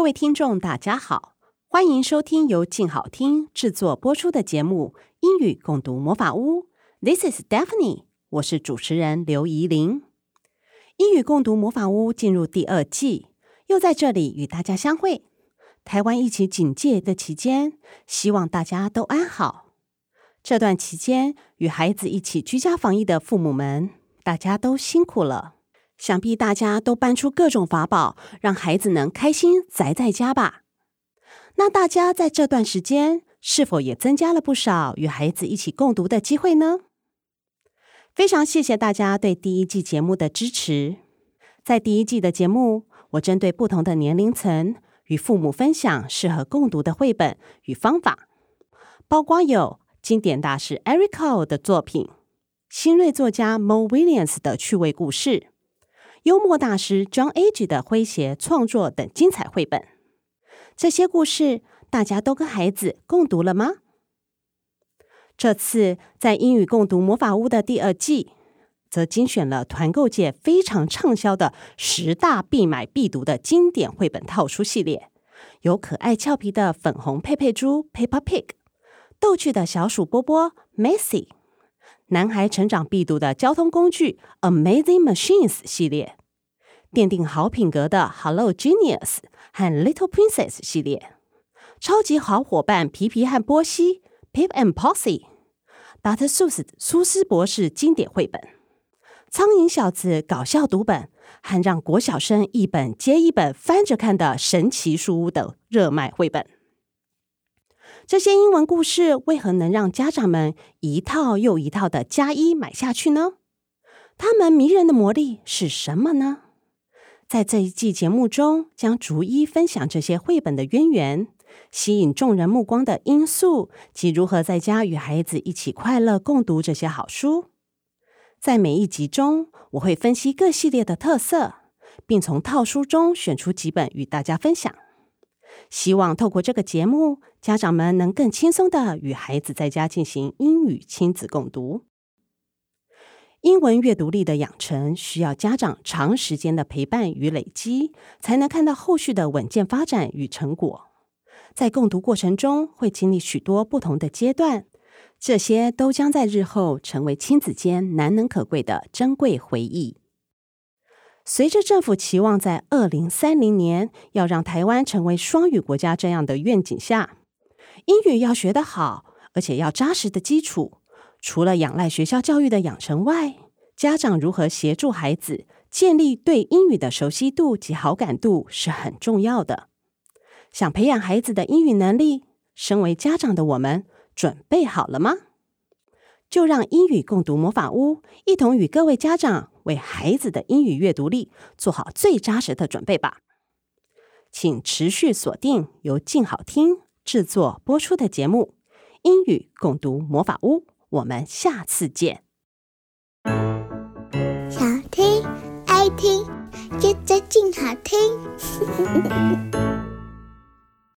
各位聽眾，大家好，歡迎收聽由靜好聽製作播出的節目《英語共讀魔法屋》。This is Daphne，我是主持人劉怡伶。英語共讀魔法屋進入第二季，又在這裡與大家相會。台灣疫情警戒的期間，希望大家都安好。這段期間與孩子一起居家防疫的父母們，大家都辛苦了。想必大家都搬出各種法寶，讓孩子能開心宅在家吧？那大家在這段時間是否也增加了不少與孩子一起共讀的機會呢？非常謝謝大家對第一季節目的支持。在第一季的節目，我針對不同的年齡層，與父母分享適合共讀的繪本與方法，包括有經典大師 Eric Carle 的作品，新銳作家 Mo Williams 的趣味故事。幽默大師 John Age 的詼諧創作等精彩繪本，這些故事大家都跟孩子共讀了嗎？這次在英語共讀魔法屋的第二季，則精選了團購界非常暢銷的十大必買必讀的經典繪本套書系列，有可愛俏皮的粉紅佩佩豬 Peppa Pig，逗趣的小鼠波波 Messy。男孩成長必讀的交通工具《Amazing Machines》系列，奠定好品格的《Hello Genius》和《Little Princess》系列，超級好夥伴皮皮和波西《Pip and Posy》，達特蘇斯蘇斯博士經典繪本，《蒼蠅小子》搞笑讀本，和讓國小生一本接一本翻着看的神奇書屋等熱賣繪本。這些英文故事為何能讓家長們一套又一套的加一買下去呢？他們迷人的魔力是什麼呢？在這一季節目中，將逐一分享這些繪本的淵源、吸引眾人目光的因素及如何在家與孩子一起快樂共讀這些好書。在每一集中，我會分析各系列的特色，並從套書中選出幾本與大家分享。希望透過這個節目，家長們能更輕鬆地與孩子在家進行英語親子共讀。英文閱讀力的養成需要家長長時間的陪伴與累積，才能看到後續的穩健發展與成果。在共讀過程中，會經歷許多不同的階段，這些都將在日後成為親子間難能可貴的珍貴回憶。隨着政府期望在二零三零年要讓台灣成為雙語國家這樣的願景下，英語要學得好，而且要扎實的基礎，除了仰賴學校教育的養成外，家長如何協助孩子建立對英語的熟悉度及好感度是很重要的。想培養孩子的英語能力，身為家長的我們準備好了嗎？就讓英語共讀魔法屋一同與各位家長為孩子的英語閱讀力做好最扎實的準備吧。請持續鎖定由靜好聽制作播出的節目《英語共讀魔法屋》，我們下次見。想聽愛聽，就聽靜好聽。